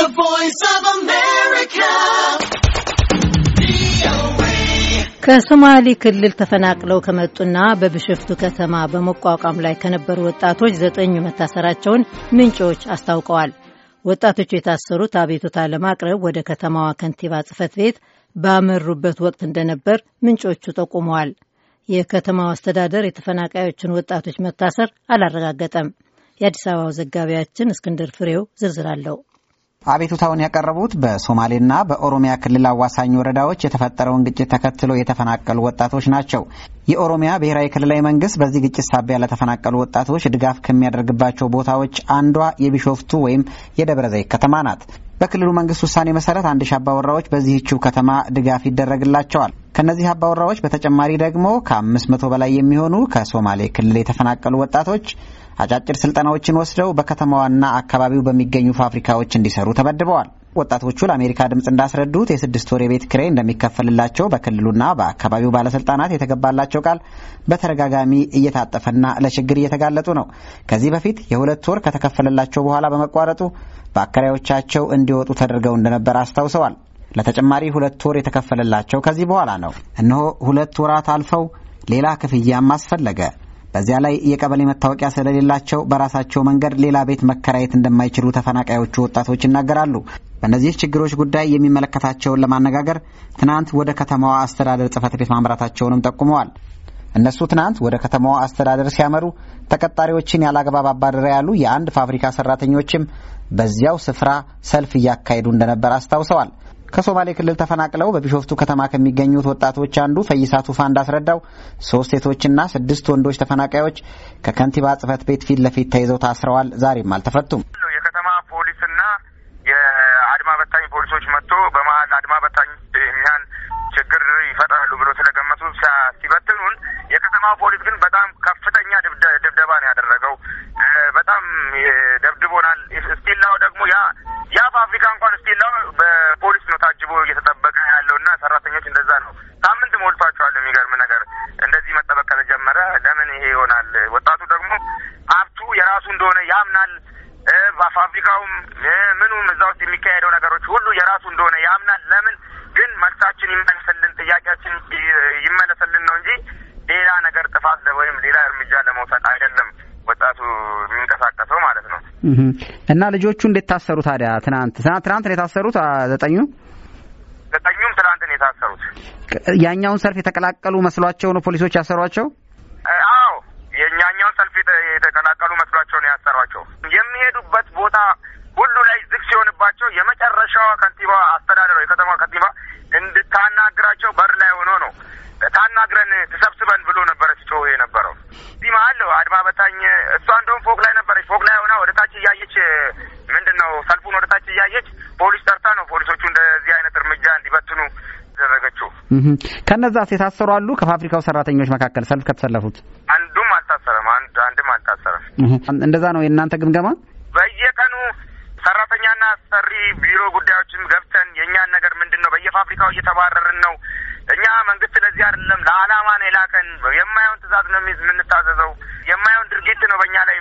The Voice of America. ከሶማሌ ክልል ተፈናቅለው ከመጡና በብሽፍቱ ከተማ በመቋቋም ላይ ከነበሩ ወጣቶች ዘጠኙ መታሰራቸውን ምንጮች አስታውቀዋል። ወጣቶቹ የታሰሩት አቤቱታ ለማቅረብ ወደ ከተማዋ ከንቲባ ጽፈት ቤት ባመሩበት ወቅት እንደነበር ምንጮቹ ጠቁመዋል። የከተማው አስተዳደር የተፈናቃዮችን ወጣቶች መታሰር አላረጋገጠም። የአዲስ አበባው ዘጋቢያችን እስክንድር ፍሬው ዝርዝር አለው። አቤቱታውን ያቀረቡት በሶማሌና በኦሮሚያ ክልል አዋሳኝ ወረዳዎች የተፈጠረውን ግጭት ተከትሎ የተፈናቀሉ ወጣቶች ናቸው። የኦሮሚያ ብሔራዊ ክልላዊ መንግስት በዚህ ግጭት ሳቢያ ለተፈናቀሉ ወጣቶች ድጋፍ ከሚያደርግባቸው ቦታዎች አንዷ የቢሾፍቱ ወይም የደብረ ዘይት ከተማ ናት። በክልሉ መንግስት ውሳኔ መሰረት አንድ ሺ አባወራዎች በዚህችው ከተማ ድጋፍ ይደረግላቸዋል። ከእነዚህ አባወራዎች በተጨማሪ ደግሞ ከአምስት መቶ በላይ የሚሆኑ ከሶማሌ ክልል የተፈናቀሉ ወጣቶች አጫጭር ስልጠናዎችን ወስደው በከተማዋና አካባቢው በሚገኙ ፋብሪካዎች እንዲሰሩ ተመድበዋል። ወጣቶቹ ለአሜሪካ ድምፅ እንዳስረዱት የስድስት ወር የቤት ክሬ እንደሚከፈልላቸው በክልሉና በአካባቢው ባለስልጣናት የተገባላቸው ቃል በተደጋጋሚ እየታጠፈና ለችግር እየተጋለጡ ነው። ከዚህ በፊት የሁለት ወር ከተከፈለላቸው በኋላ በመቋረጡ በአከራዮቻቸው እንዲወጡ ተደርገው እንደነበር አስታውሰዋል። ለተጨማሪ ሁለት ወር የተከፈለላቸው ከዚህ በኋላ ነው። እነሆ ሁለት ወራት አልፈው ሌላ ክፍያም አስፈለገ። በዚያ ላይ የቀበሌ መታወቂያ ስለሌላቸው በራሳቸው መንገድ ሌላ ቤት መከራየት እንደማይችሉ ተፈናቃዮቹ ወጣቶች ይናገራሉ። በእነዚህ ችግሮች ጉዳይ የሚመለከታቸውን ለማነጋገር ትናንት ወደ ከተማዋ አስተዳደር ጽህፈት ቤት ማምራታቸውንም ጠቁመዋል። እነሱ ትናንት ወደ ከተማዋ አስተዳደር ሲያመሩ ተቀጣሪዎችን ያላግባብ አባረረ ያሉ የአንድ ፋብሪካ ሰራተኞችም በዚያው ስፍራ ሰልፍ እያካሄዱ እንደነበር አስታውሰዋል። ከሶማሌ ክልል ተፈናቅለው በቢሾፍቱ ከተማ ከሚገኙት ወጣቶች አንዱ ፈይሳ ቱፋ እንዳስረዳው ሶስት ሴቶችና ስድስት ወንዶች ተፈናቃዮች ከከንቲባ ጽህፈት ቤት ፊት ለፊት ተይዘው ታስረዋል። ዛሬም አልተፈቱም። ፖሊሶች መጥቶ በመሀል አድማ በታኝ እኛን ችግር ይፈጥራሉ ብሎ ስለገመቱ ሲበትኑን፣ የከተማው ፖሊስ ግን በጣም ከፍተኛ ድብደባ ነው ያደረገው። በጣም ደብድቦናል። እስቲላው ደግሞ ያ ያ ፋብሪካ እንኳን እስቲላው በፖሊስ ነው ታጅቦ እየተጠበቀ ያለው እና ሰራተኞች እንደዛ ነው። ሳምንት ሞልቷቸዋል። የሚገርም ነገር እንደዚህ መጠበቅ ከተጀመረ ለምን ይሄ ይሆናል? ወጣቱ ደግሞ ሀብቱ የራሱ እንደሆነ ያምናል። በፋብሪካውም ምኑም እዛ ውስጥ የሚካሄደው ነገሮች ሁሉ የራሱ እንደሆነ ያምናል። ለምን ግን መልሳችን ይመለሰልን፣ ጥያቄያችን ይመለስልን ነው እንጂ ሌላ ነገር ጥፋት ወይም ሌላ እርምጃ ለመውሰድ አይደለም ወጣቱ የሚንቀሳቀሰው ማለት ነው። እና ልጆቹ እንዴት ታሰሩ ታዲያ? ትናንት ትናንት ነው የታሰሩት ዘጠኙ ዘጠኙም ትናንት ነው የታሰሩት። ያኛውን ሰልፍ የተቀላቀሉ መስሏቸው ነው ፖሊሶች ያሰሯቸው። የተቀላቀሉ መስሏቸው ነው ያሰሯቸው። የሚሄዱበት ቦታ ሁሉ ላይ ዝግ ሲሆንባቸው የመጨረሻዋ ከንቲባ አስተዳደረው የከተማ ከንቲባ እንድታናግራቸው በር ላይ ሆኖ ነው ታናግረን ተሰብስበን ብሎ ነበረ ሲጮህ የነበረው። እዚህ መሀል አድማ በታኝ እሷ እንደውም ፎቅ ላይ ነበረች። ፎቅ ላይ ሆና ወደ ታች እያየች ምንድን ነው ሰልፉን ወደ ታች እያየች ፖሊስ ጠርታ ነው ፖሊሶቹ እንደዚህ አይነት እርምጃ እንዲበትኑ ያደረገችው። ከነዛ የታሰሩ አሉ? ከፋብሪካው ሰራተኞች መካከል ሰልፍ ከተሰለፉት እንደዛ ነው የእናንተ ግምገማ? በየቀኑ ሰራተኛና አሰሪ ቢሮ ጉዳዮችን ገብተን የእኛን ነገር ምንድን ነው በየፋብሪካው እየተባረርን ነው። እኛ መንግስት ለዚህ አይደለም ለአላማ ነው የላከን። የማየውን ትእዛዝ ነው የምንታዘዘው። የማየውን ድርጊት ነው በእኛ ላይ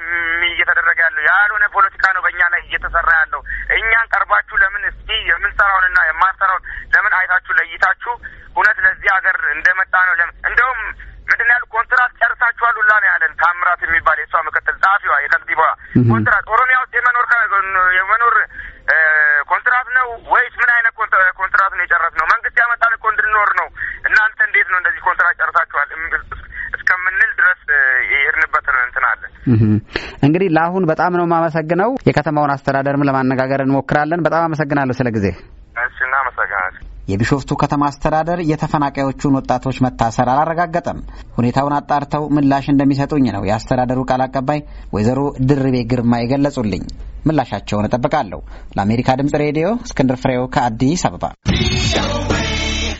እየተደረገ ያለው። ያልሆነ ፖለቲካ ነው በእኛ ላይ እየተሰራ ያለው። እኛን ቀርባችሁ ለምን እስቲ የምንሰራውንና የማንሰራውን ለምን አይታችሁ ለይታችሁ እውነት ለዚህ ሀገር እንደመጣ ነው ለምን እንደውም ምንድን ያሉ ኮንትራት ጨርሳችኋል ሁላ ነው ያለን ታምራት የሚባል የሱ ኮንትራት ኦሮሚያ ውስጥ የመኖር የመኖር ኮንትራት ነው ወይስ ምን አይነት ኮንትራት ነው ነው? መንግስት ያመጣል እኮ እንድንኖር ነው። እናንተ እንዴት ነው እንደዚህ ኮንትራት ጨርሳችኋል እስከምንል ድረስ የሄድንበት እንትን አለ። እንግዲህ ለአሁን በጣም ነው የማመሰግነው። የከተማውን አስተዳደርም ለማነጋገር እንሞክራለን። በጣም አመሰግናለሁ ስለ ጊዜ። እሺ፣ እናመሰግናለን። የቢሾፍቱ ከተማ አስተዳደር የተፈናቃዮቹን ወጣቶች መታሰር አላረጋገጠም። ሁኔታውን አጣርተው ምላሽ እንደሚሰጡኝ ነው የአስተዳደሩ ቃል አቀባይ ወይዘሮ ድርቤ ግርማ የገለጹልኝ። ምላሻቸውን እጠብቃለሁ። ለአሜሪካ ድምጽ ሬዲዮ እስክንድር ፍሬው ከአዲስ አበባ